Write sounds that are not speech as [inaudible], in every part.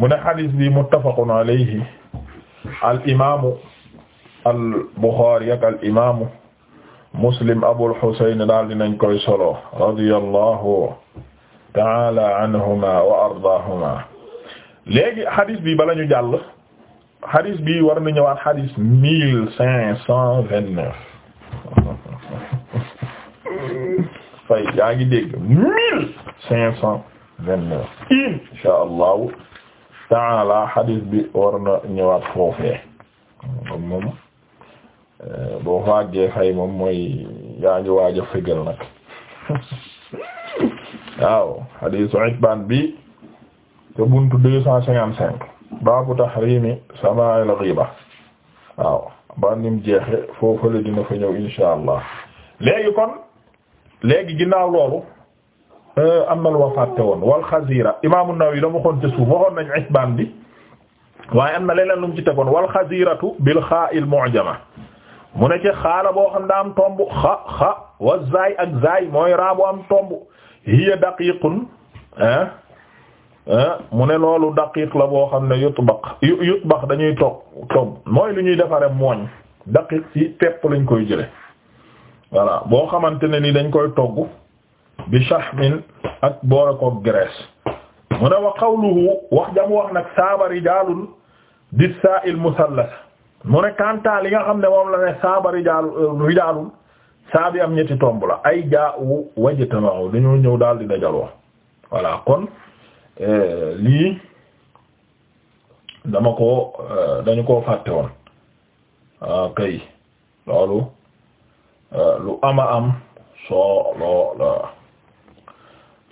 mu ne xadis bi muttafaqun alayhi al imaamu al buxaari ak al imaamu muslim abul xusayn daal dinañ koy solo radiyallahu taala anhuma wa ardaahuma léegi xadis bi bala ñu jàll xadis bi war na ñëwaat xadis mille cinq cent vingt neuf [laughs] fay yaa ngi dégg mille cinq cent vingt neuf insha allahu taala hadis bi war na ñëwaat foofee moom moom eh, boo faggee fay moom mooy yaa ngi waaj a fegal nag [laughs] waaw hadisu Itbaan bi te buntu deux cent cinquante cinq baabu tahrimi waaw ba nim jeexe foofale dina fa ñëw inshaa Allah léegi kon léegi ginnaaw loolu Euh, am na lu ma woon wal xazira imaamu Nawawi la mu xoon ca suuf waxoon nañu ihbaan bi waaye am na leneen lu mu ci tegoon wal xaziratu bil xaa'il mu'jama mu ne ci xaala boo xam daa am tomb xa xa wa zaay ak zaay mooy raabu am tomb hiya daqiqun ah ah mu ne loolu daqiq la boo xam ne yutbaq yutbaq dañuy toog tomb mooy lu ñuy defaree mooñ daqiq ci pepp lañ koy jële voilà boo xamante ne ni dañ koy togg. bi shahmin ak boole koog graisse mu ne wa qawluhu wax jam wax nag saaba rijaalun di saa'il musallas mu ne kantaa li nga xam ne moom la ne saaba rijaalun rijaalun saabi am ñetti tomb la ay jaa'u wajtama'u dañoo ñëw daal di dajaloo voilà kon eh, lii dama ko eh, dañu koo fàtte woon ah, kay loolu eh, lu ama am soo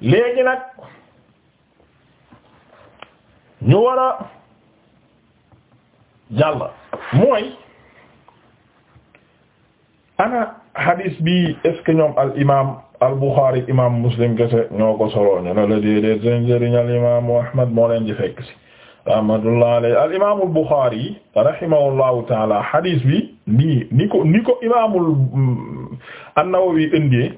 léegi nag ñu wara a jàll mooy ana hadis bi est-ce que ñoom al imam al Bukhari imam Muslim kese ñoo ko solo ñu ne la déedéet seen sëriñ al imam Ahmad moo leen di fekk ci rahmatullah alayhi al imam al Bukhari rahimahullahu taala hadis bi nii ni ko ni ko imamul mm, an-Nawawi indee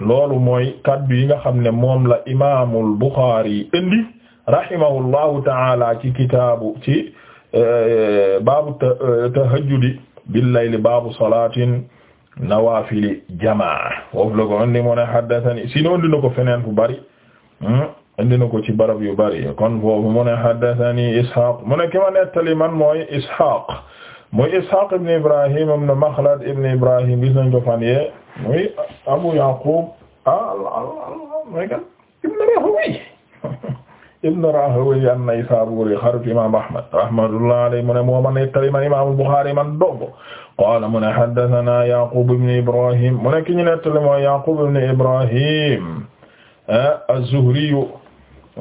loolu mooy kaddu yi nga xam ne moom la imaamul Buxaari indi rahimahullahu taala ci kitaabu ci eh, baabu tahajjudi bil layli baabu salaatin nawaafili jamaa foofu la ko indi mu ne haddathani sinon indi na ko feneen fu bari hmm, ci barab yu bari kon foofu mu haddathani Ishaq mu ne man mooy Ishaq muy Ishaq ibn Ibrahim ibn Makhlad ibn Ibrahim gis nañ ko fan yee muy Abu Yaqub ah mooy kan ibn Rahawayh [laughs] ibn Rahawayh an-Naysaburi xaritu imam Ahmad rahmatullah alayhi mu ne moo ma nettali man imam Bukhari man dongo qaala mu ne haddathana Yaqub ibn Ibrahim mu ne ki ñu nettali mooy Yaqub ibn Ibrahim ah, az-Zuhri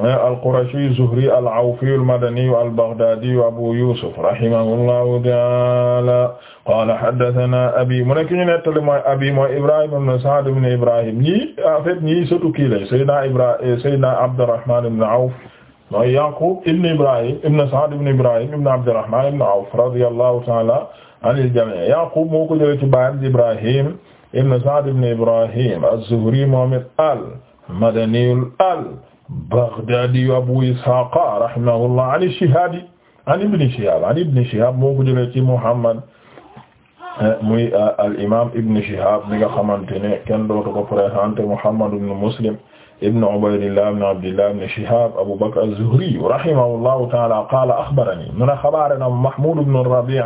al-Qurashi Zuhri al-Awfi al-Madani al-Baghdadi Abu Yusuf rahimahullahu ta'ala qala haddathana abi mu nekk ñu nettali mooy abi mooy Ibrahim ibn Sa'd ibn Ibrahim ñii en fait ñii surtout kii la Seydina Ibrahim eh, Seydina Abdurrahman ibn Awf mooy Yaqub ibn Ibrahim ibn Sa'd ibn Ibrahim ibn Abdurrahman ibn Awf radiyallahu ta'ala anil jami' Yaqub moo ko jëlee ci baayam Ibrahim ibn Sa'd ibn Ibrahim az-Zuhri moom it al-Madani al Baghdadi Abu Ishaq rahimahullah an Shihab an Ibn Shihab an Ibn Shihab moo ko jëlee ci Muhammad eh, muy eh, al imaam Ibn Shihab mi nga xamante ne kenn dootu ko présenté Muhammad ibn Muslim ibn Ubaydillah ibn Abdillah ibn Shihab Abu Bakr az-Zuhri rahimahullahu ta'ala qaala axbarani mu ne xabaarana Mahmud ibn Rabi'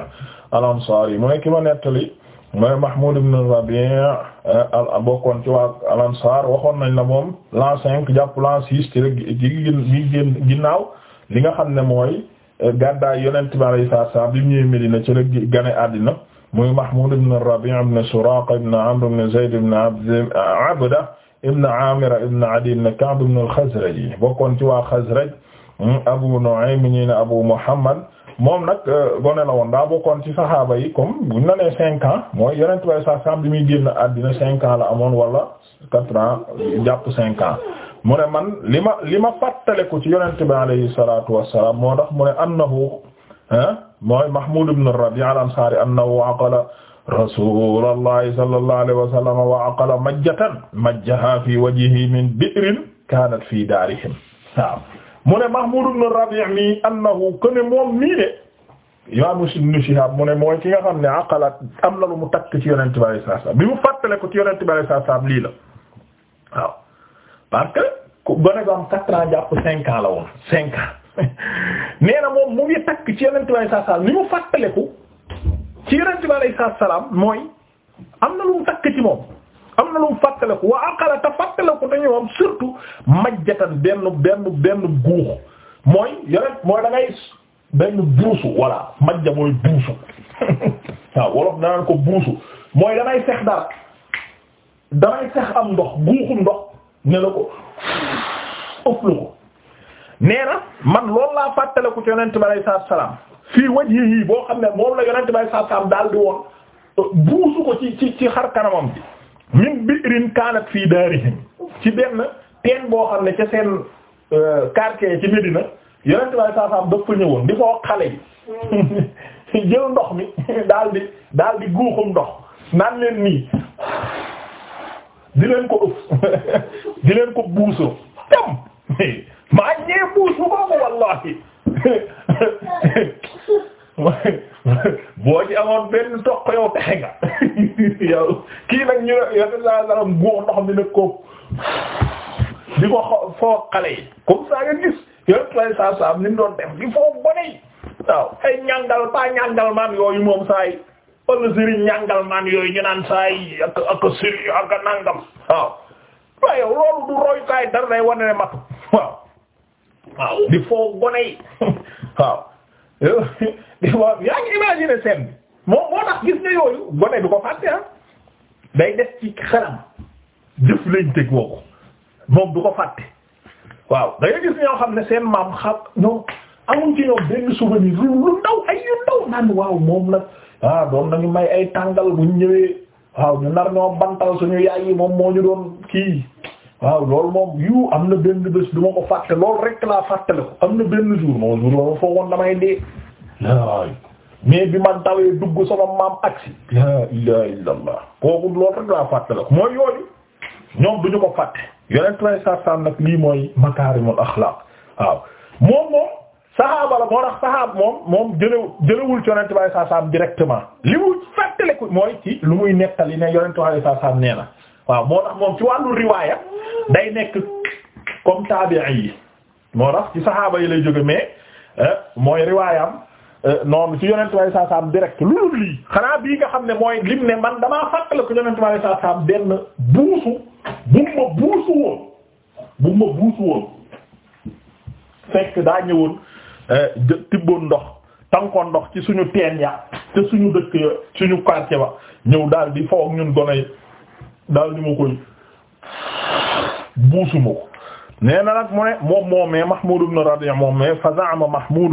al-Ansari mu ne ki ma nettali mooy Mahmud ibn Rabi' Euh, bokkoon ci waa al ansar waxoon nañ la moom l'an cinq jàpp i six ci rek gi gén ginnaaw li nga xam ne mooy euh, gàddaay yonent bi alayhi salaatu salaam bi mu Medina ci rek gane àddina muy Mahmud ibn Rabi' ibn Suraqa ibn Amr ibn Zayd ibn Abda ibn Amir ibn Adi ibn Ka'b ibn al-Khazraj bokkoon ci waa Khazraj hmm, Abu Nu'aym ñi ne Abu Muhammad moom nag euh, gone la woon daa bokkoon ci saxaaba yi comme buñ la nee cinq ans mooy yeneen tubaab sax sàmm bi muy génn àddina cinq ans la amoon wala quatre ans jàpp cinq ans mu ne man li ma li ma fàttaliku ci yonent bi alayhi salaatu wassalaam moo tax mu ne annahu mooy Mahmoud ibn Rabi' al-Ansari annahu aqala rasulallahi sallallahu alayhi wa sallam wa aqala majjatan majjaha fi wajhihi min bi'rin kaanat fi daarihim waaw mu ne Mahmoud ibn Rabi' mi annahu que ne moom mii de imam Ibn Shihab mu mooy ki nga xam ne aqalat am na lu mu takk ci yonent bi alayhi salaam bi mu fàttale ko ci yonent bi alayhi salaam lii la waaw parce que ku gone ba am quatre ans la woon cinq ans [laughs] moom mu ngi takk ci yonent bi alayhi salaam ni mu fàttale ko ci yonent bi alayhi salaam mooy am na lu mu takk ci moom. am na lum mu fàttaliku wa aqala te fàttaliku te ñoom surtout majjatan benn benn benn guux mooy yeneen mooy da benn buusu voilà majja mooy buusu [laughs] waaw wolof danaan ko buusu mooy damay fex dara damay fex am ndox guuxu ndox ne la ko [laughs] ëpp lu ko nee na man loolu laa fàttaliku ci yonent bi alayhi salaatu salaam fii wajhihi boo xam ne moom la yonent bi alayhi salaatu salaam daal di woon euh, buusu ko ci ci ci xar kanamam bi. min bi'rin kaanat fii daarihim ci benn teen boo xam ne ca seen euh, quartier ci Medina yonent baay saa saam daf fa ñëwoon di ko xale yi [laughs] jël ndox mi [laughs] daal daldi daal guuxum ndox naan leen nii di leen ko ëpp [laughs] di leen ko buusoo tam maa ñee buusu boobu wallahi [laughs] boo ci amoon benn toq yow texe nga [laughs] yow kii na ñu ne yow laa laram góor ndox mi nag ko [sighs] di ko foo xale yi comme ça nga gis yow lay saa saa ni mu doon def di foo bone yi waaw ay ñàngal pas ñàngal maan yooyu moom saa yi wala sëriñ ñàngal maan yooyu ñu naan saa yi ak ak sëriñ ak nangam waaw waaye yow loolu du royukaay dara day wane ne matu waaw waaw di foo bone yi [laughs] waaw [laughs] yaa ngi imaginer seen bi moom moo tax gis ne yooyu gone du ko fàtte ah day des ci xaram jëf lañ moom du ko fàtte waaw da ngay xam ne seen maam xam ñoom amuñ ci ñoom benn souvenir lu ndaw ay yu ndaw naan waaw moom la ah doon nañu may ay tàngal bu ñu ñëwee waaw ñu nar ñoo bantal suñu yaay yi moom moo ñu doon kii waaw loolu moom yu am na benn bés du ma ko fàtte loolu rek laa fàttale ko am na benn jour moom jour ba ma foogoon damay dee laay mais bi ma dawee dugg sama maam aksi la ilaha illa allah kooku loolu rek laa fàttale ko mooy yooyu ñoom du ñu ko fàtte yonent lay sarsam nag lii mooy makaarimul axlaaq waaw moom moom saxaaba la moo tax saxaab moom moom jëlew jëlewul ci yonent lay sarsam directement li mu fàttale mooy ci lu muy nettali ne yonent nee na waaw moo tax moom ci wàllu riwaaya day nekk comme taabi'i yi moo tax ci saxaaba yi lay jóge mais euh, mooy riwaayam euh, noonu ci yonentu Yàlla saa saam lu lii xanaa bii nga xam ne mooy lim ne man damaa fàttali ko yonentu Yàlla saa benn buusu bu ma buusu woon fekk daa ñëwoon euh, tibboon ndox tankoon ndox ci suñu teen ya te suñu dëkk ya suñu quartier ba ñëw daal di faw ak ñun gone daal di ma koy buusuma ko nee na nag mu ne moom moo mais Mahmoud ibn Rabi' moom mais fa za'ama Mahmoud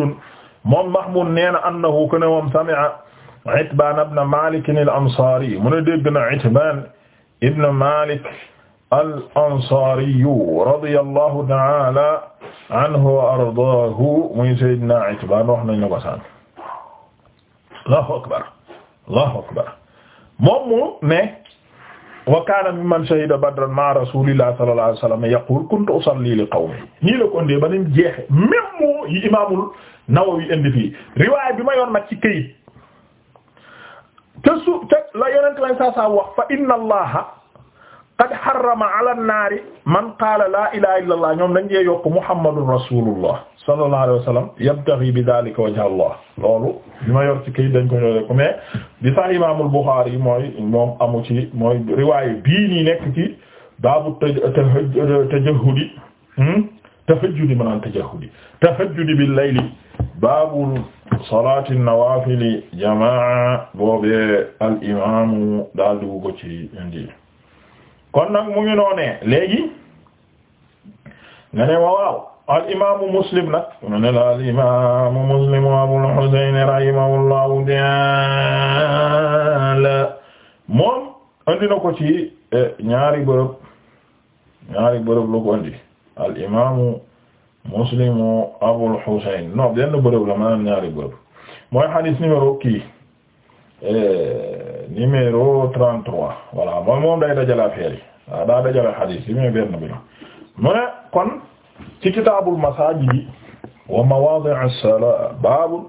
moom Mahmoud nee na annahu kana moom sami'a Itbaan ibn Maalik al-Ansaari mu ne dégg na Itbaan ibn Maalik al-Ansaari radiyallahu ta'ala anhu wa ardaahu muy Sayyidina Itbaan wax nañ la ko sànq. Allahu akbar Allahu akbar moom mu ne wa kaana mimman shahida badran ma'a rasulillahi sallallahu alayhi wa sallam yaqul kuntu usalli li qawmi nii la ko indee ba nañ jeexe même moo yi imaamul Nawawi indi fii riwaay bi ma yoon nag ci këyit te su te la yonent lay saa saa wax fa inna allaha qad harrama ala naari man qaala laa ilaha illa allah ñoom dañ dee yokk muhammadun rasulullah sallallahu alayhi wa sallam yabtaghi bi dhalika wajha allah loolu bi ma yor ci kayit dañ ko yore ko mais di sax imaamul Bukhari mooy moom amu ci mooy riwaay bii nii nekk ci baabu tajahudi hmm? tahajjudi ma naan tajahudi tahajjudi bil layli baabul salaati nawaafili jamaa boobee al imaamu daal di ko ci indi kon nag mu ngi noonee léegi nga ne al imaamu muslim nag nga ne la al imaamu muslim abul husayn rahimahullahu ta'ala moom andi na ko ci eh, ñaari bërëb ñaari bërëb la ko andi al imaamu muslim abul husayn non benn bërëb la maanaam ñaari bërëb mooy hadith numéro kii. Eh, numéro 33 voilà mooy moom day dajale affaire yi waaw daa dajale xadiis yi mais benn bi la mu ne kon ci kitaabul masaajidi wa mawaadi'is salaa baabul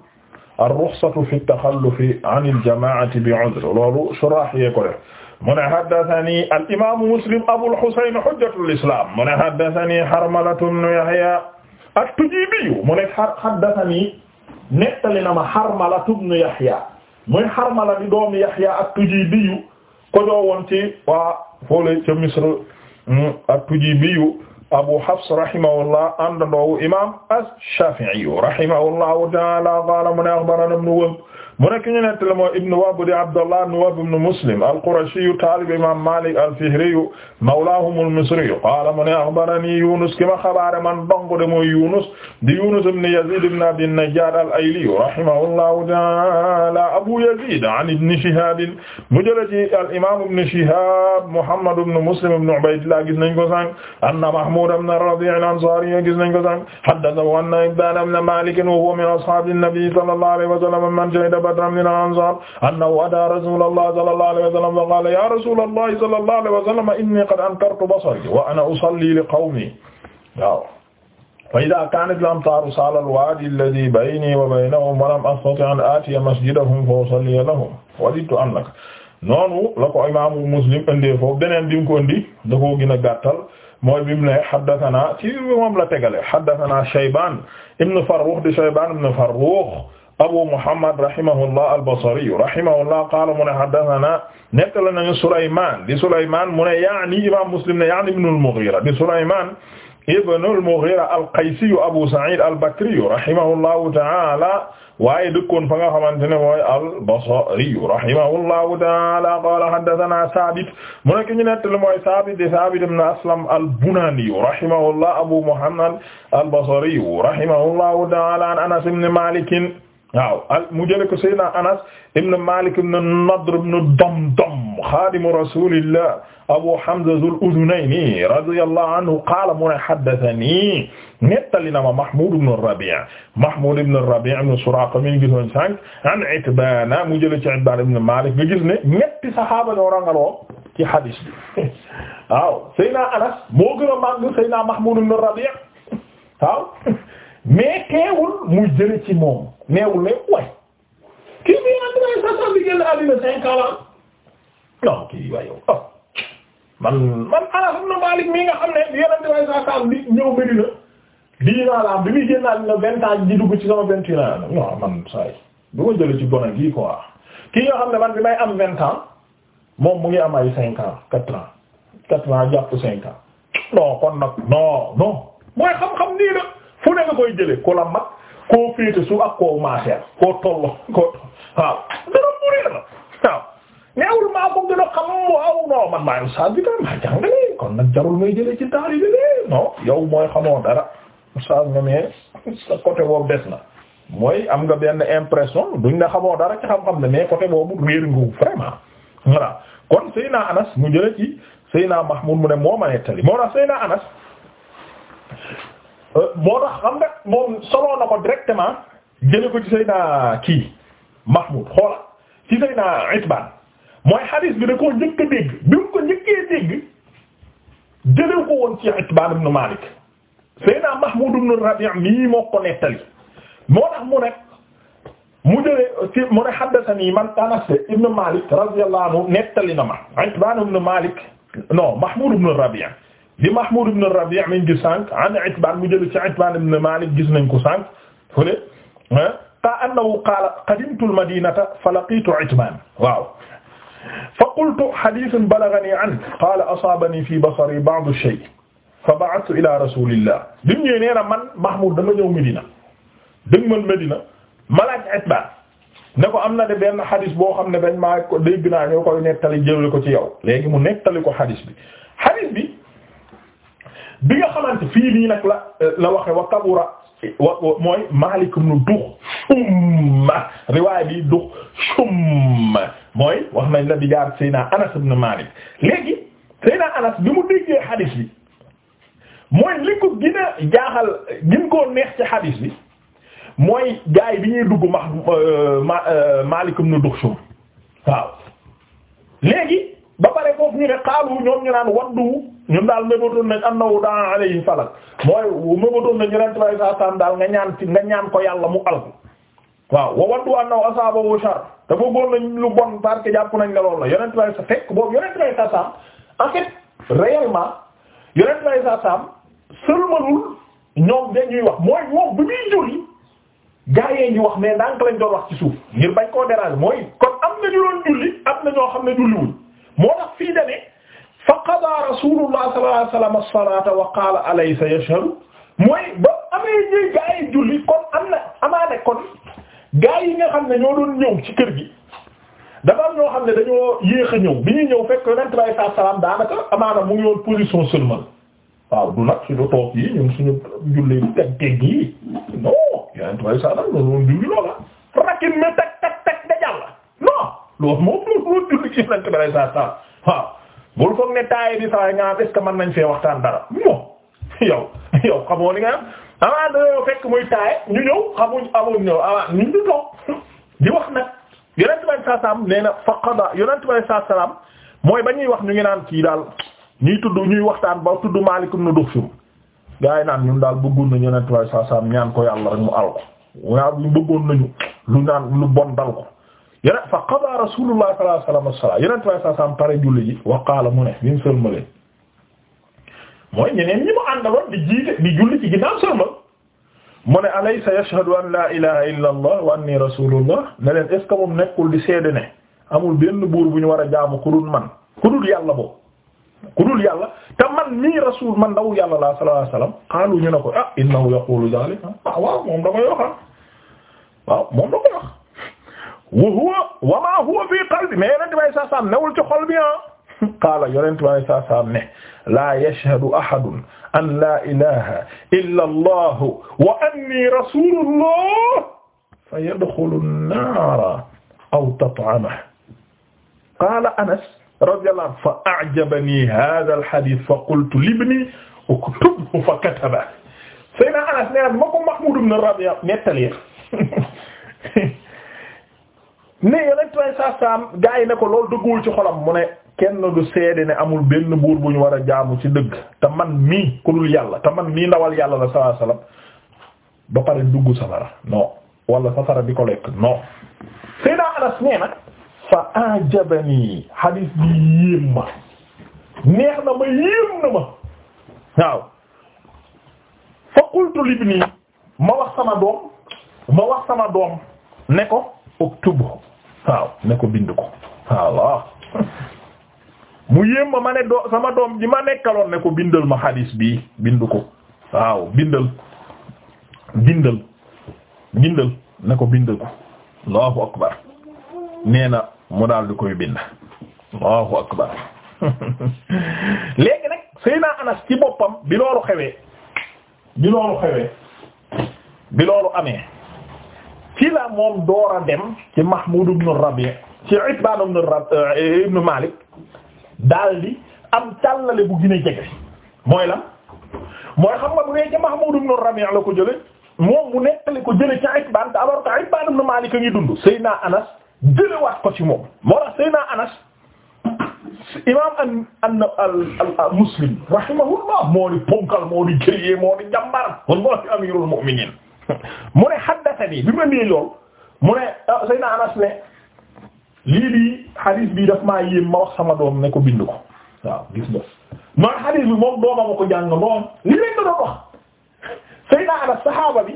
ar-ruxsatu fi at-taxallufi anil jamaa'ati bi'udr loolu surah yee ko def mu ne haddathanii al-imaamu muslim abul husayn hujjatul islaam mu ne haddathanii harmalatu ibnu yahyaa at-tujiibi mu ne haddathanii nettali na ma harmalatu ibnu yahyaa muy Harmala di doomu Yahya at-Tujibiyu ko joowoon ci waa foole ca Misr mm, at-Tujibiyu Abu Hafs rahimahullah àndandoowu imaam ash-Shafi'i rahimahullahu ta'ala qaala mu ne akhbarana Ibn Wahb mu nekk ñu nett la moo ibnu Wahb di Abdullah ibnu Wahb ibnu Muslim al-Qurashiyu taalibu imaam Maalik al-Fihriyu mawlaahum al-Misriyu qaala mu ne axbaranii Yuunus ki ma xabaare man dong de mooy Yuunus di Yuunus ibnu Yaziid ibnu Abdi Najjaad al-Ayliyu rahimahullahu ta'aala Abu Yaziid an ibni Shihaab mu jële ci al-imaam ibnu Shihaab Muhammad ibnu Muslim ibnu Ubaydillah gis nañ ko sànq anna Mahmuud ibnu Rabii' al-Ansaari gis nañ ko sànq haddathanaa anna Ibdaan ibnu Maalik wa huwa min ashaabi an-nabii sallallaahu alayhi wa sallam hurayrata min al-ansaar annahu ataa rasuulallahi sallallahu alayhi wa sallam fa qaala yaa rasuulallahi sallallahu alayhi wa sallam innii qad amtartu basari wa ana usalli li qawmii waaw fa idaa kaanat al-amtaaru saala al-waadi alladhii baynii wa baynahum wa lam astati' an aatiya masjidahum fa usalliya lahum wadidtu annaka noonu la ko imaamu Muslim indee foofu beneen bi mu ko indi da koo gën a gàttal mooy bi mu ne haddathana ci moom la tegale haddathana Shaybaan ibn Farrukh di Shaybaan ibn Farrukh abu muhammad rahimahullah al-basri rahimahullah qaala mu ne haddathana nettali nañu Souleymane di Souleymane mu ne yaani imaam muslim ne yaani ibn al-Mughira di Souleymane ibn al-Mughira al-Qaysi abu Sa'id al-Bakri rahimahullahu ta'ala waaye dëkkoon fa nga xamante ne mooy al-Basri rahimahullahu ta'ala qaala haddathana Saabit mu ne ki ñu nettali mooy Saabit di Saabit ibn Aslam al-Bunani rahimahullah abu muhammad al-Basri rahimahullahu ta'ala an Anas ibn Malik waaw mu jële ko Seydina Anas ibn Malik ibn Nadr ibn Damdam xaadimu rasulillah Abu Hamza Zul Udunayni radiyallahu anhu qaala mu ne haddathani nettali na ma Mahmud ibn Rabi' Mahmud ibn Rabi' ibn Suraqa mi ngi gisoon sànq an Itbaan mu jële ci Itbaan ibn Malik nga gis ne ñetti saxaaba ñoo rangaloo ci hadiis bi [laughs] waaw Seydina Anas moo gën a màgg Seydina Mahmud ibn Rabi' waaw [laughs] mais teewul muy jële ci moom neewul ne way kii bi entrain sa sa cinq ans non kii waaye yow ah man man nga xam ne yonente way sa sam bi oh. bi muy génn àddina vingt ci sama vingt et un man say du ma jële ci bona gii quoi kii nga xam ne man bi may am vingt ans moom mu ngi am ay cinq ans quatre ans quatre ans jàpp cinq ans non kon nag non non mooy xam-xam nii la fu ne nga koy jële ku la mag koo féete su ak koo maaseer koo tollo koo waaw dara mu réer la waaw neewul maa ko gën a xam waaw non man maa sa bi tam maa jàngale kon nag jarul may jële ci taari bi lé non yow mooy xamoo dara sa nga mee sa côté boobu des na mooy am nga benn impression duñ na xamoo dara ci xam-xam ne mais côté boobu réer ngu vraiment voilà kon Seyna Anas mu jële ci Seyna Mahmoud mu ne moo ma nettali moo tax Seyna Anas Euh, moo tax xam nga moom soloo na ko directement jële ko ci Seydina kii Mahmoud xoola ci Seydina Itbaan mooy hadith bi da koo njëkk a dégg bi mu ko njëkkee dégg jële ko woon ci Itbaan ibn Malik Seydina Mahmoud ibn Rabi' mii moo ko nettali moo tax mu ne mu jële ci mu ne haddathani ibn Malik radiyallahu anhu nettali na ma Itbaan ibn Malik non Mahmoud ibn Rabi' di Mahmoud ibn Rabi' nañ gis sànq an Itbaan mu jël ci Itbaan ibn Maalik gis nañ ko sànq fële ah ta annahu qaala qadimtu al-madiinata fa laqiitu Itbaan waaw fa qultu hadiithun balaghanii anhu qaala asaabanii fii basarii ba'du ash-shay' fa ba'athtu ilaa rasuulillah bi mu ñëwee nee na man Mahmoud dama ñëw Medina dëgg man Medina ma laaj Itbaan ne ko am na de benn xadis boo xam ne dañ maa ko dégg naa ñoo koy nettali jëlee ko ci yow léegi mu nettali ko xadis bi xadis bi. bi nga xamante fii nii nag la euh, la waxe wa kabura wa mooy Maalik ibn Dux Shumma riwaay bi Dux Shumma mooy wax nañ la bi jaar Seydina Anas ibn Maalik léegi Seydina Anas bi mu déggee xadiis bi mooy li ko gën a jaaxal gën koo neex ci xadiis mooy gaay bi ñuy dugg max euh, euh, Maalik ibn Dux Shumma waaw léegi ba pare foofu ñu ne xaalu ñoom waddu ñun daal mébatoon nañ annahu daa alayhi falak mooy mébatoon nañ yonent bi saa saam daal nga ñaan ko yàlla mu alku waaw wa waddu annahu asaabahu shar te bëggoon nañ lu bon parce jàpp nañ ne loolu la yonent bi sa fekk boobu yonent bi saa saam en fait réellement yonent bi saa saam sëlmalul ñoom dañuy wax mooy moom bu ñuy julli gaa yee ñu wax mais ndànk lañ doon wax ci suuf ngir bañ koo déranger mooy kon am na ñu julli am na ñoo xam ne julliwuñ ne fa qadaa rasulullah sallallahu alayhi wasallam as-salata wa qaala alaysa mooy ba amee ñuy gaa yi julli kon am na amaane kon gaa yi nga xam ne ñoo doon ñëw ci kër gi dafa ñoo xam ne dañoo yéex a ñëw bi ñuy ñëw fekk yonent bi saa salaam daanaka amaana mu ngi woon position waaw du nag suñu toog yi ñun suñu julli teg teg yi non yonent bi saa salaam loolu julli loola rakin me teg teg teg da jàll loolu moom loolu julli ci yonent bi saa salaam waaw bul foog ne taaye bi saa yi nga est-ce que mën nañ fee waxtaan dara moom yow yow xamoo li nga am avant dañoo fekk muy taaye ñu ñëw xamuñ amuñ ñëw avant ñu ñu toog di wax mooy ba ñuy wax ñu ngi naan kii daal ñuy tudd ñuy waxtaan ba tudd malekum nu dux fim gaa yi naan ñun daal bëggoon nañu yonent bi saa saam ñaan ko yàlla rek mu al ko waaw ñu bëggoon nañu lu naan lu bon dal ko yeneen fa qada rasulullah sallallahu alayhi wa sallam yeneen trois cent cent pare julli ji wa mu ne bi mu sëlmalee mooy ñeneen ñi mu àndaloon di jiite di julli ci ginnaaw sëlmal mu ne alaysa yashhadu an la ilaha illa allah wa anni rasulullah ne leen est ce que nekkul di seede ne amul benn buur bu ñu war a jaamu ku dul man ku dul yàlla boobu ku dul yàlla te man mii rasul man ndaw yàlla la sallallahu qaalu ñu ne ko ah innahu yaqulu ah waaw moom da koy wax ah. waaw moom da koy wax wa huwa wa maa huwa fii qalbi mais yonent bi saa saam newul ci xol bi ah. [laughs] qaala yonent bi saa saam ne laa yashhadu ahadun an laa ilaaha illa allah wa anni rasulullah fa yadxulu an-naara aw tat'amahu. qaala Anas radiyallahu anhu fa a'jabani haadha al-hadiith fa qultu libni uktubhu fa katabahu. Sayyidina Anas nee na ma ko Mahmoud ibn Rabi'a nettali [laughs] mais yonent way sa saam gaa yi ne ko loolu dëgguwul ci xolam mu ne kenn du seede ne amul benn buur bu ñu war a jaamu ci dëgg te man mii ku dul yàlla te man mii ndawal yàlla la sallallahu alayhi ba pare dugg safara non wala safara bi ko lekk non Seydina Anas nee na fa ajabani hadis bi yéem ma neex na ma yéem na ma waaw fa qultu libni ma wax sama doom ma wax sama doom ne ko uktubhu waaw ne ko bind ko waaw [laughs] mu yéem ma ma ne doo sama doom ji ma nekkaloon ne ko bindal ma xadiis bii bind ko waaw bindal bindal bindal ne ko bindal ko allahu akbar nee na mu daal di koy bind allahu akbar [laughs] léegi nag Seyna Anas ci boppam bi loolu xewee bi loolu xewee bi loolu amee ci la moom door dem ci Mahmoud ibn Rabi ci Itbaan ibn Rabi eh, ibn Malik daal di am tallale bu gën a jege mooy lan mooy xam bu dee ca Mahmoud ibn la ko jële moom mu nettali ko jële ca Itbaan te alors que Itbaan ibn Malik a ngi dund Seydina Anas jëlewaat ko ci moom moo tax Seydina Anas imam an al Muslim rahimahullah moo di ponkal moo di jëyee moo di jàmbar kon moo mu ne haddathani bi ma nee lool mu ne ah, Seydina Anas ne lii di hadith bi daf maa yéem ma wax sama doom ne ko bind ko waaw man hadith bi moom doomam ma ko jàng noonu li lañ ko doon wax Anas saxaaba bi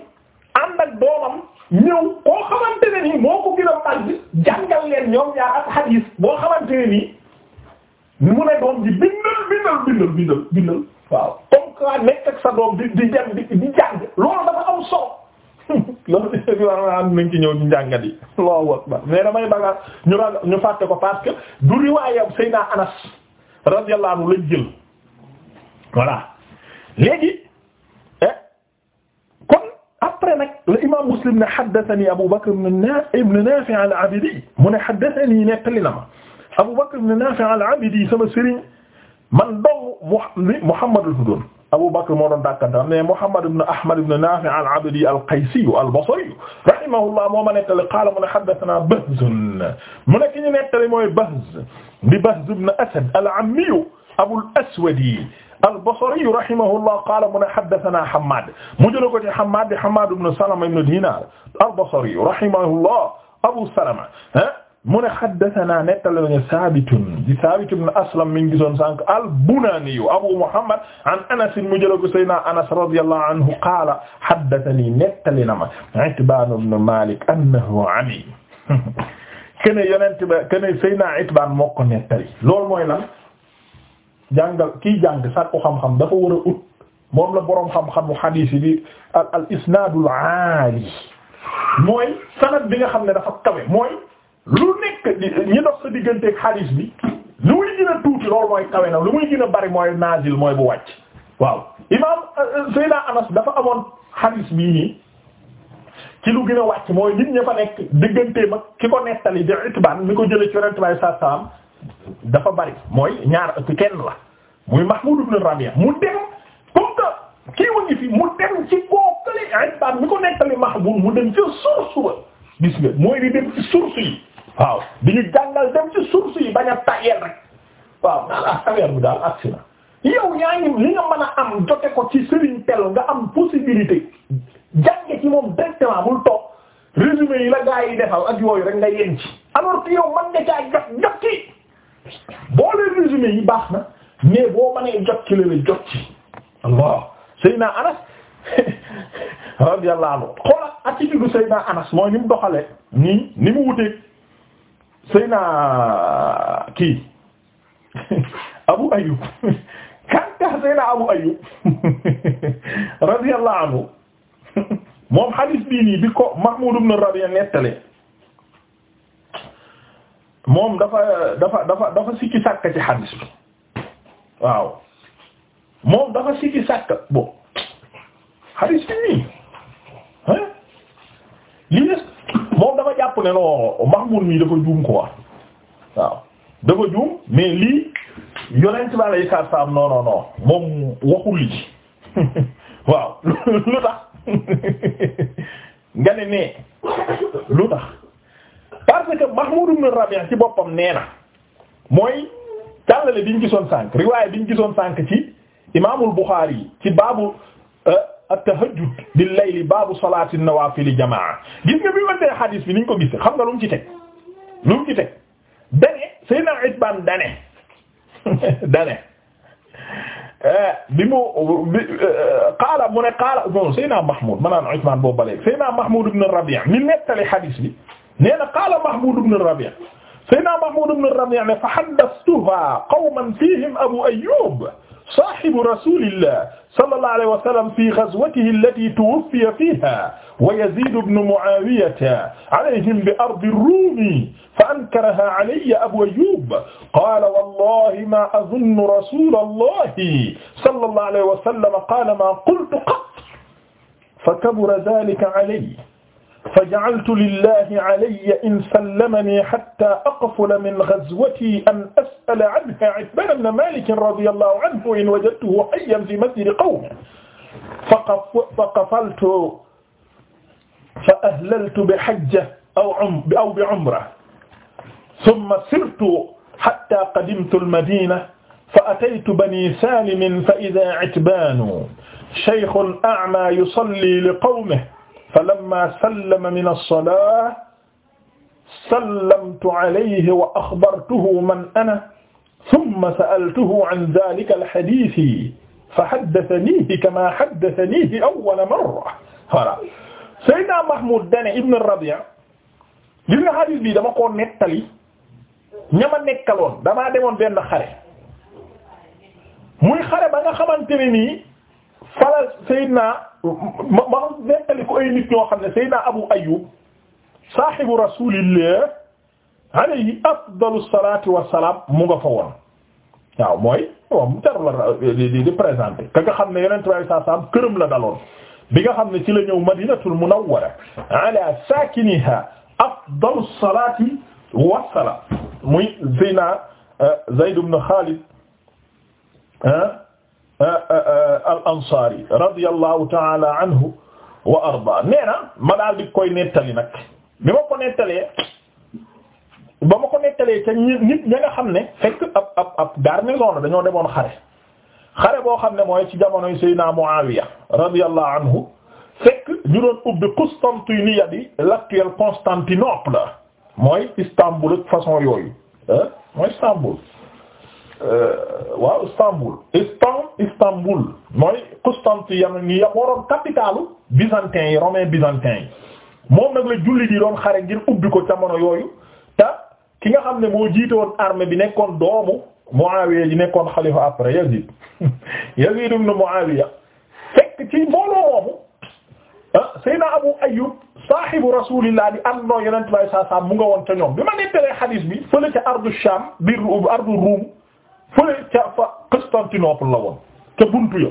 ànd ak doomam ñëw koo xamante ne moo ko gën a mag bi jàngal leen ñoom ñaar ak hadith xamante ne nii ne doom bi bindal bindal bindal waaw comme nekk ak doom di jàng di jàng loolu dafa am solo. loolu [laughs] bi war na am nañ ci ñëw ci njàngat yi Allahu akbar mais damay baga ñu ragal ñu fàtte ko parce que du riwaaya Seydina Anas radiyallahu anhu lañ jël voilà léegi eh, kon après nag imam Muslim ne haddathani Abu Bakr ibn Nafi' al-Abdi mu ne haddathani nettali na ma Abu Bakr al-Abdi sama sëriñ man dong Muhammad la tuddoon Abu Bakr moo doon dàkkantaam mais Muhammad ibn Ahmad ibn Nafi' al-Abdi al-Qaysi al-Basri rahimahullah moo ma nettali qaala mu ne haddathanaa Bahz mu ne ki ñu nettali mooy Bahz di Bahz ibn Asad al-Ammi Abul Aswad al-Basri rahimahullah qaala mu ne haddathanaa Hammad mu jëloon ko ci Hammad di Hammad ibn Salama ibn Dinar al-Basri rahimahullah Abu Salama ah mu ne haddathana nettali nañu Saabitun di Saabit ibn Aslam mi ngi gisoon sànq al-Bunaani Abu Muhammad an Anas mu jëloon ko Seydina Anas radiyallahu anhu qaala haddathanii nettali na ma Itbaan ibn Maalik annahu ami kene yonent ba kene Seydina Itbaan moo ko nettali loolu mooy lan jàngal kii jàng sàkku xam-xam dafa war a ut moom la boroom xam-xamu hadiis yi di al isnaadul aali mooy sanad bi nga xam ne dafa kawe mooy. lu nekk ñi dox sa digganteeg xadiis bi lu muy gën tuuti loolu mooy kawe lu muy gën a bari mooy naazil mooy bu wàcc waaw imaam euh, euh, Seydina Anas dafa amoon xadiis bi nii ci lu gën a wàcc mooy nit ña fa nekk digganteem ak ki ko nettali di Itbaan mi ko jëlee ci Yonent bi saa dafa bari mooy ñaar ëpp kenn la muy Mahmoud ibn Rabi'a mu dem comme kii wu ñu mu dem ci kooku Itbaan mi ko nettali Mahmoud mu dem ci source ba mooy di dem ci waaw di ñu jàngal dem ci source yi bañ a tayel rek waaw bi daal agsi yow yaa ngi li nga mën a am jote ko ci sëriñ tel nga am possibilité jànge ki moom directement bul toog résumé yi la gaa yi defal ak yooyu rek nga yem ci alors que yow mën nga caa jot jot ci boo résumé yi baax na mais boo mënee jot ci leen jot ci Allah Seydina Anas [laughs] radiyallahu anhu xoolal attitude Seydina Anas mooy ni mu doxalee nii ni mu wuteeg Seyna kii [laughs] Abu Ayyub [laughs] kanta Seyna Abu Ayyub [laughs] radiyallahu anhu moom hadith bii nii bi ko Mahmoud ibn Rabi'a nettale moom dafa dafa dafa dafa sikki sàkk ci hadith bi waaw moom dafa sikki bo hadith bi nii hein moom dama jàpp ne non Mahmoud mii dafa juum quoi waaw dafa juum mais lii yonent bi alayhi salaam non non non moom waxul lii [laughs] waaw [laughs] lu tax [laughs] nga ne nee lu tax parce que Mahmoud ibn Rabi' ci boppam nee na mooy tàllale biñ gisoon sànq riwaay biñ gisoon sànq ci imaamul Bukhari ci baabu. Euh, at-tahajjud bil layli baabu salaati nawaafil jamaa gis nga bi ñu wëndee xadiis bi ni ñu ko gisee xam nga lu mu ci teg lu mu ci teg dane Seydina Itbaan dane [laughs] dane eh, bi mu bi eh, qaala mu ne qaala bon Seydina Mahmoud ma naan Itbaan boo balee Seydina Mahmoud ibn Rabi' mi nettali xadiis bi nee na qaala Mahmoud ibn Rabi' Seydina Mahmoud ibn Rabi' ne fa haddathtuhaa qawman fiihim Abu Ayyuub saahibu rasuulillah sallallahu alayhi wa sallam fi ghazwatihi allati tuwuffiya fiha wa yazid ibn muawiyata alayhim bi ardi rumi fa ankaraha alayya abu ayyub qala wallahi ma azunnu rasulallahi sallallahu alayhi wa sallam qala ma qultu qat fa kabura dhalika alayya faja'altu lillahi alayya in sallamani hatta aqfula min ghazwati an as'ala anha Itbaan ibn Maalik radiyallahu anhu in wajadtuhu hayyan fi masjidi qawmi faqafaltu fa ahlaltu bi hajja aw bi umra thumma sirtu hatta qadimtu al-Madiina fa ataytu bani Saalim fa idaa Itbaan shaykhun a'maa yusalli li qawmihi falammaa sallama min as-salaati sallamtu alayhi wa axbartuhu man ana summa sa'altuhu an zaalika al-hadiisi fa haddasaniihi kamaa haddasaniihi awwala marra voilà Seydina Mahmoud Dane Ibn Rabi' gis nga hadiis bi dama koo nettali ña ma nekkaloon damaa demoon benn xare muy xare ba nga xamante ne nii fala Seydina ma ma nettali ko ay nit ñoo xam ne Seydina Abu Ayyub saahibu Rasulillah alayhi afdalu salaatu wa salaam mu nga fa woon waaw mooy moom jarul la di di présenté ka nga xam ne yeneen tubaab yi saa saam këram la daloon bi nga xam ne ci la ñëw Madinatul Munawwara ala saakiniha afdalu salaati wa salaam muy Seydina euh, Zayd ibn Khalid ah. al ansaari radiyallahu taala anhu wa arda nee na ma daal di koy nettali nag bi ma ko nettalee ba ma ko nettalee ca nit ña nga xam ne fekk ab ab ab garnison dañoo demoon xare xare boo xam ne mooy ci jamonoy Seydina Muawiya radiyallahu anhu fekk ñu doon ubbi Constantinople di l'actuel Constantinople mooy Istanbul ak façon yooyu mooy Istanbul Euh, waaw Istanbul Istan Istanbul mooy Constantinople moo doon capitalu byzantin yi romain byzantin moom nag julli di doon xare ngir ubbi ko tamono yooyu te ki nga xam ne moo jiite woon bi nekkoon doomu Muawiya yi nekkoon xalifa après Yazid [laughs] Yazid ibn Muawiya fekk ci mbooloo moomu ah, Seydina Abu Ayyub saahibu rasulillah di am noo yonent bay saa saa mu nga woon ca ñoom bi ma nettalee xadiis bi fële ca ardu Sham biir ardu Rum fële ca fa Constantinople la woon ca buntu ya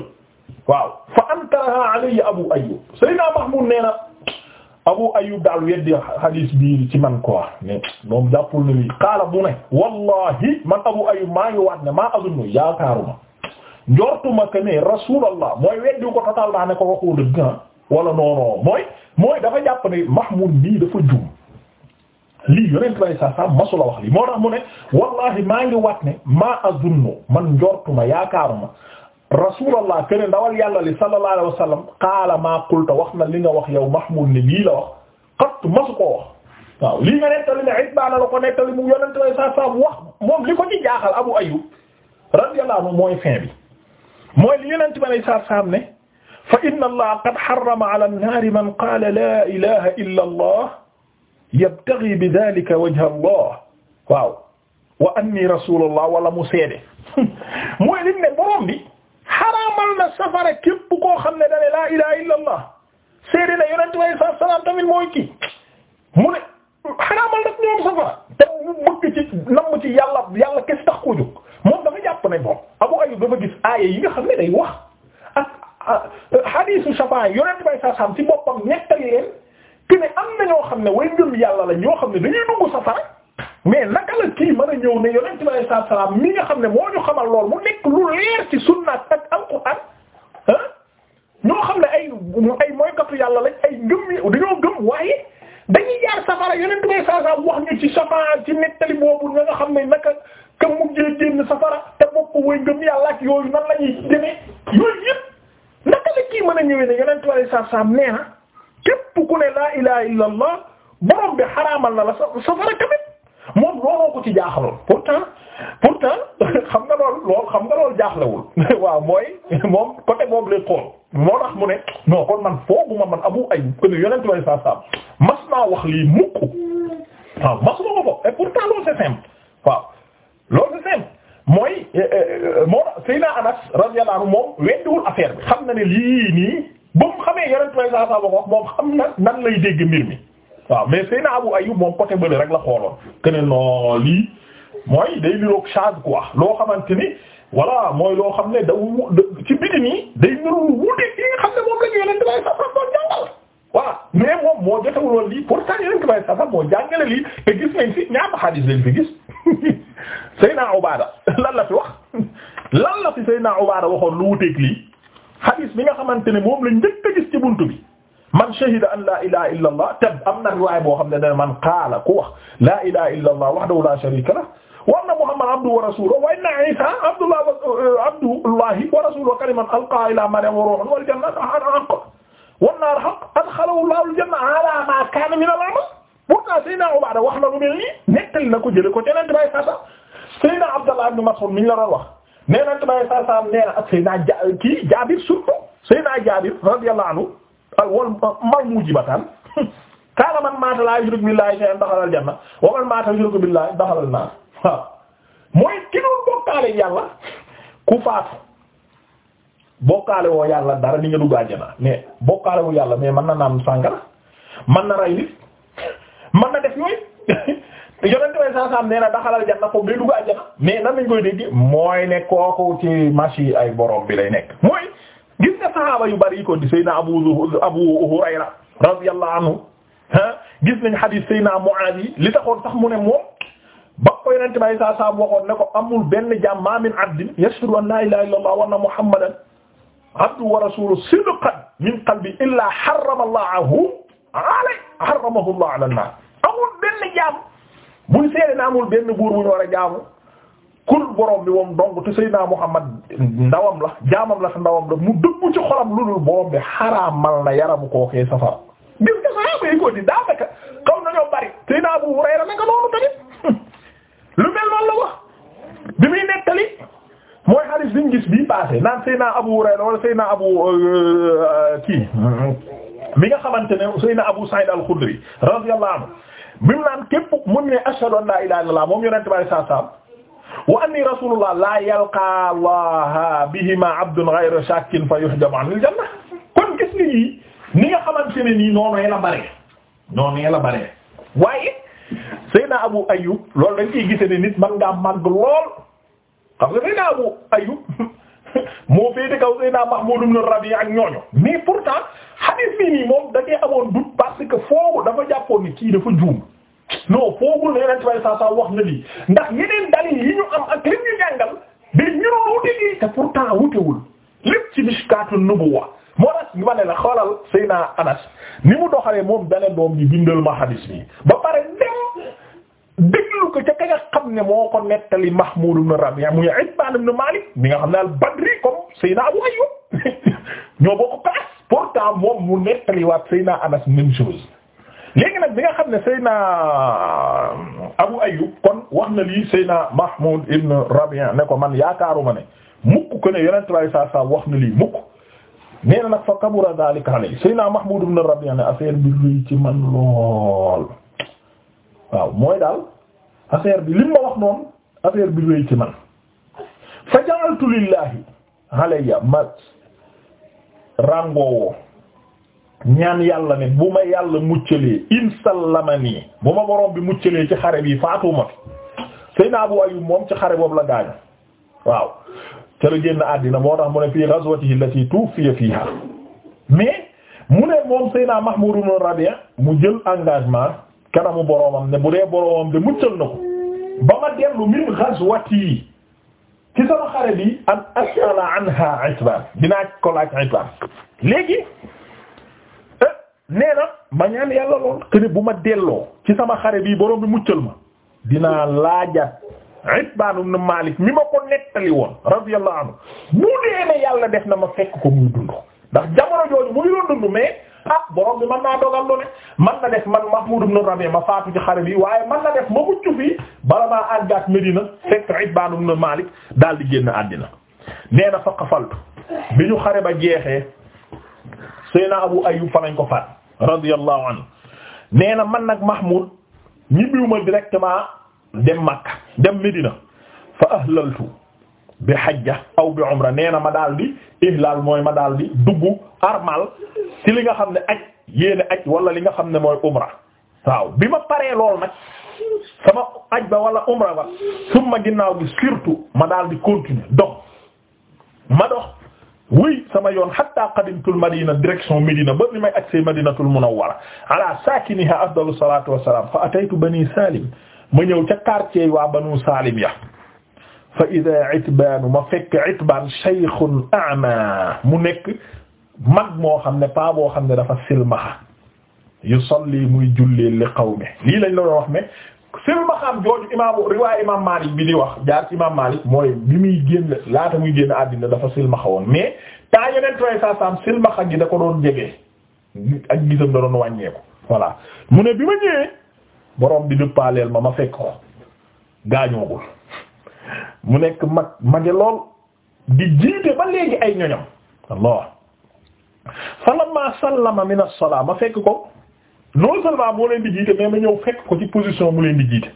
waaw fa ankaraha alayya Abu Ayyub Seydina Mahmoud nee na Abu Ayyub daal weddi hadis bii ci man quoi mais moom jàppul na lii xaala bu ne wallahi man Abu Ayyub maa ngi waat ne maa azunnu yaakaaruma njortuma que ne Rasulullah mooy weddi ko total daa ne ko waxoo dëgg ah. wala non non mooy mooy dafa jàpp ne Mahmoud bii dafa juum. lii yonent bay saa saa masula wax lii moo tax mu ne wallahi maa ngi wat ne man azunnu man njortuma yaakaaruma rasulallah kene ndawal yàlla li sallallahu alayhi wa sallam ma qulta wax na li wax yow mahmud ne lii la wax xat wax ko mu li ko ci jaaxal abu ayyub radiyallahu anhu mooy fin bi mooy li yonent bay saa saa ne fa inna allaha qad harrama ala man qaala laa ilaha illa yabtaghi bi dhalika wajha Allah waaw wa anni rasulullah wala mu seede [laughs] mooy lim ne borom bi xaraamal na safara képp koo xam ne dane la ilaha illa allah seede na yonente bi alayhi salaatu wa salaam tamit mooy kii mu ne xaraamal nag ñoom safara te mu bëgg ci namm ci yàlla yàlla kes tax koo jóg moom dafa jàpp ne moom Abu Ayyub dafa gis aaya yi nga xam ne day wax ak hadiisu shafaa yonente bi alayhi salaatu wa salaam ci boppam ñettali leen que ne am na ñoo xam ne way ngëm yàlla la ñoo xam ne dañuy dugg safara mais naka la kii man a ñëw ne yonent bi alayhi salaatu salaam mi nga xam ne moo ñu xamal lool mu nekk lu leer ci sunna ah, xam ne ay ay mooykatu yàlla lañ ay ngëm yi dañoo gëm waaye dañuy jaar safara yonent bi alayhi salaatu salaam wax ñu ci safara ci nettali boobu nga te bopp way ngëm yàlla ak yooyu nan naka la kii mën a ñëwee ne yonent bi alayhi salaatu salaam nee képp ku ne laa ilaha illa allah borom bi xaraamal na la sa safara tamit moom looloo ko ci jaaxaloon pourtant [laughs] xam nga lool xam nga lool jaaxlewul [laughs] waaw mooy moom côté boobu lay xool moo tax mu ne non kon man foogu ma man abu ay këne yonent way sa sam mas naa wax lii mukk waaw mas ma ko bopp et pourtant loolu c'est simple waaw loolu c'est simple euh, euh, bi xam na ne lii ba xamee yeneen way saa saa ba wax moom xam na nan lay dégg mbir mi waaw mais sëy na Abu Ayyub moom côté bële rek la xooloon que ne non lii mooy day niroog charge quoi loo xamante ni voilà mooy loo xam ne da ci biti nii day niru wuute yi nga xam ne moom la ñu yeneen way saa saa saa moo jàngale lii te gis nañ fi ñaata xadiis lañ fi gis sëy [laughs] na Ubaada lan la fi wax [laughs] lan la fi naa na Ubaada waxoon lu wuteeg lii. xadis bi nga xamante ne moom la njëkk a gis ci buntu bi man shahida an la ilaha illa allah te am na riwaaya boo xam ne dane man qaala ku wax la ilaha illa allah wahdahu la sharika lah wa anna muhammadan abduhu wa rasuluhu wa inna isa abdullah abdullahi wa rasuluhu kaliman alqaa ila maryam wa ruhun wal jannatu haqq wan naar haqq adxalahu llahu al janna ala ma kaana min al amal pourtant Seydina Ubaada wax na lu mel nii nettali na ko jële ko teneen bay sasa Seydina Abdallah ibn Mas'ud mi ñu la doon wax mais nag may sa saam nee na ak Seydina Ja kii Jaabir surtout Seydina Jaabir radiyallahu anhu wal mawjubatan [laughs] kaana man maata laa yushriku billaahi daxalal janna wa man maata yushriku billaahi daxalal naar mooy ki doon yàlla ku faatu bokkaale woo yàlla dara ni nga dugg àjjana mais bokkaale yàlla mais mën na naan sàngara mën na rey nit [laughs] na def yooyu [laughs] yonent way saa saam nee na daxalal janna moo day dugg àjjana mais ne kooku ci marché ay borom bi lay nekk mooy gis nga saxaaba yu bari yi ko di Seydina Abu Abu Hurayra radiyallahu anhu ah gis nañ xadiis Seydina Muaaz yi li taxoon sax mu ne moom ba ko yonent bay saa saam waxoon ne ko amul benn jaam ma min abdin yashhadu an la ilaha illa allah wa anna muhammadan abduhu wa rasuluhu sidqan buñ seede na amul benn buur bu ñu war a jaamu kul borom bi moom dong te Seydina Muhammad ndawam la jaamam la te ndawam la mu dëggu ci xolam lu dul borom bi xaraamal na yaramu kookee safara gis nga saxaaba yi ko di daanaka xaw nañoo bari Seydina Abu Hurayra naka noonu tamit [laughs] lu mel noonu la wax bi muy nettali mooy xalis biñ gis bii passé naan Seydina Abu Hurayra wala Seydina Abu euh, euh, kii mi nga xamante ne na Abu Sa'id al-Khudri radiyallahu anhu bi mu naan képp mu ne ashhadu an laa ilaaha illallaah moom yonent bi saa saam wa anni rasuulullaah laa yalqaa Allaaha bihimaa abdun ghayru shakkin fa yuhjabu anil janna kon gis nga nii ni nga xamante ne nii noonu la bare noonu la bare waaye Seydina Abu Ayyub loolu dañ ciy gis ne nit man ngaa màgg lool xam nga Seydina Abu Ayyub. moo féete kaw Seydina Mahmoud ibn Rabi ak ñooñu mais pourtant hadith bii nii moom da ngay amoon doute parce que foogu dafa jàppoon ni kii dafa juum non foogul ne yeneen tubaab saa saa wax na lii ndax yeneen dalil yi ñu am ak lim ñu jàngal day ñëw wute lii te pourtant wutewul lépp ci mishkaatu nubuwa moo tax ma ne la xoolal Seydina Anas ni mu doxalee moom beneen doom bi bindal ma hadith bi ba pare dem. déglu ko ca ka xam ne moo ko nettali Mahmoud ibn Rabi'a muy Itbaan ibn Malik mi nga xam ne al Badri comme Seydina Abu Ayyub [laughs] ñoo bokk classe pourtant moom mu nettaliwaat Seydina Anas même chose léegi nag bi nga xam ne Seydina Abu Ayyub kon wax na lii Seydina Mahmoud ibn Rabi'a ne ko man yaakaaruma ne mukk ko ne Yonent bi saa saa wax na lii mukk nee na nag kabura daalika alayhi Seydina Mahmoud ibn Rabi'a ne affaire bi rëy man lool. waaw mooy daal affaire bi li ma wax moom affaire bi wéy ci man fa ja'altu lillahi alayya ma rangoowoo ñaan yàlla ne bu ma yàlla muccalee insallamani bu ma borom bi muccalee ci xare bi faatuma fi Seydina Abu Ayyub moom ci xare boobu la gaañu waaw te la génn àddina moo tax mu ne fii ghazwatihi allati tuwuffiya fiha mais mu ne moom Seydina Mahmoud mu jël engagement kanamu boroomam ne bu dee boroomam de muccal na ko ba ma dellu min ghazwati ci sama xare bi an asala anha Itbaan dinaa ko laaj Itbaan léegi eh, nee na ma ñaan yàlla lool kene bu ma delloo ci sama xare bi boroom bi muccal ma dinaa laajat Itbaan ibn Maalik mi ma ko nettali woon radiyallahu anhu mu dee ne yàlla def na ma fekk ko muy dund ndax jamono jooju mu ngi doon dund mais ah borom bi mën naa dogal lu ne man na def man Mahmoud ibn Rabi ma faatu ci xare bi waaye man na def ma mucc fii bala maa àggaat Medina fekk Itbaan ibn Malik daal di génn àddina nee na fa qafaltu bi ñu xare ba jeexee Seyna Abu Ayyub fa lañ ko faat radiyallahu anhu nee na man nag Mahmoud ñibbiwuma directement dem Makka dem Medina fa ahlaltu bi hajja aw bi umra nee na ma daal di ihlal mooy ma daal di dugg armal ci li nga xam ne aj yéene aj wala li nga xam ne mooy umra waaw bi ma paree lool nag sama aj ba wala umra ba summa ginnaaw gi surtout ma daal di continuer dox ma dox wuy sama yoon hatta qadimtul madina direction médina ba ni may agsee madinatul munawwara ala sakiniha afdalu salatu wassalam fa ataytu bani salim ma ñëw ca quartier waa banu salim ya fa ida itbaanu ma fekk itbaan shaykhun a'ma mu nekk mag moo xam ne paa boo xam ne dafa silmaxa yusalli muy jullee li qawmi lii lañ la doon wax ne silmaxaam jooju imaamu riwaay imaam Maalik bi di wax jaar ci imaam Maalik mooy bi muy génn laata muy génn àddina dafa silmaxa woon mais temps yeneen tray sa sam silmaxa gi da ko doon jege ak gisam da doon wàññeeku voilà mu ne bi ma ñëwee borom bi duppaaleel ma ma fekk ko gaañoogul mu nekk mag mage lool di jiite ba léegi ay ñoñam Allah falamma sallama min as-salaa ma fekk ko non seulement moo leen di jiite mais ma ñëw fekk ko ci position mu leen di jiite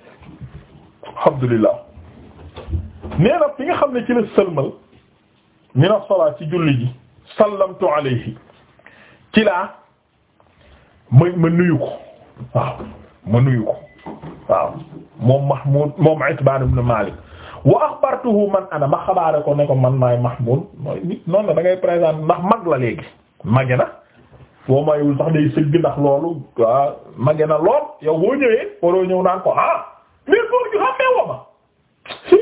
alhamdulillah nee fi nga xam ne ci la sëlmal min as-salaa ci julli ji sallamtu alayhi ci laa ma ma nuyu ko waaw ma nuyu ko waaw moom Mahmoud moom Itbaan ibn Maalik wa axbartuhu man ana ma xabaare ko ne ko man maay Mahmoud mooy nit noonu la da ngay présenter ndax mag la léegi mage na boo mayul sax day sëgg ndax loolu ah mage na lool yow boo ñëwee waroo ñëw naan ko ah mais góor gi xam ne wama si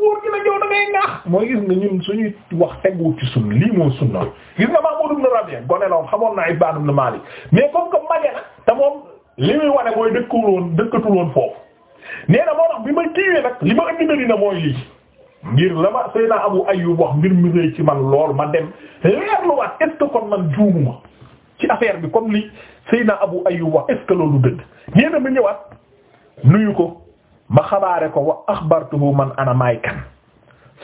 góor gi la ñëw da mooy gis nga ñun suñuy wax tegu ci sun lii moo sunna gis nga Mahmoud ibn Rabi' gone la woon xamoon na Ibn Malik mais comme que mage na te moom li muy wane mooy dëkkuwoon dëkkatul woon foofu. nee na bi ma kiiwee nag li ma indi Medina mooy lii ngir la ma Seydina Abu Ayyub wax mbir mi rëy ci man lool ma dem leerluwaat est ce que kon man juumuma ci affaire bi comme li Seydina Abu Ayyub wax est ce que loolu dëgg na ma ñëwaat nuyu ko ma xabaare ko wa axbartuhu man ana maay kan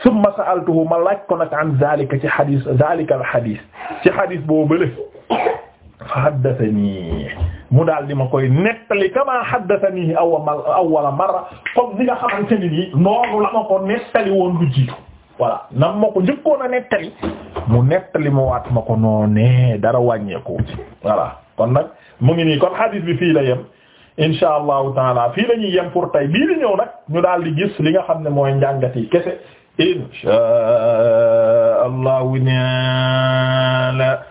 summa ma laaj ko nag an zalika ci xadis zalika al xadis ci xadis boobu fa haddathani mu daal di ma koy nettali kama haddathani awwala marra comme ni nga xamante ni nii la ma ko nettali woon lu jiitu voilà nam ma ko njëkkoon a nettali mu nettali ma waat ma ko noonee dara wàññeeku voilà kon nag mu ngi nii kon hadith bi fii la yem insha allahu taala fii la ñuy yem pour tey bii li ñëw nag ñu daal di gis li nga xam ne mooy njàngat yi kese insha allahu taala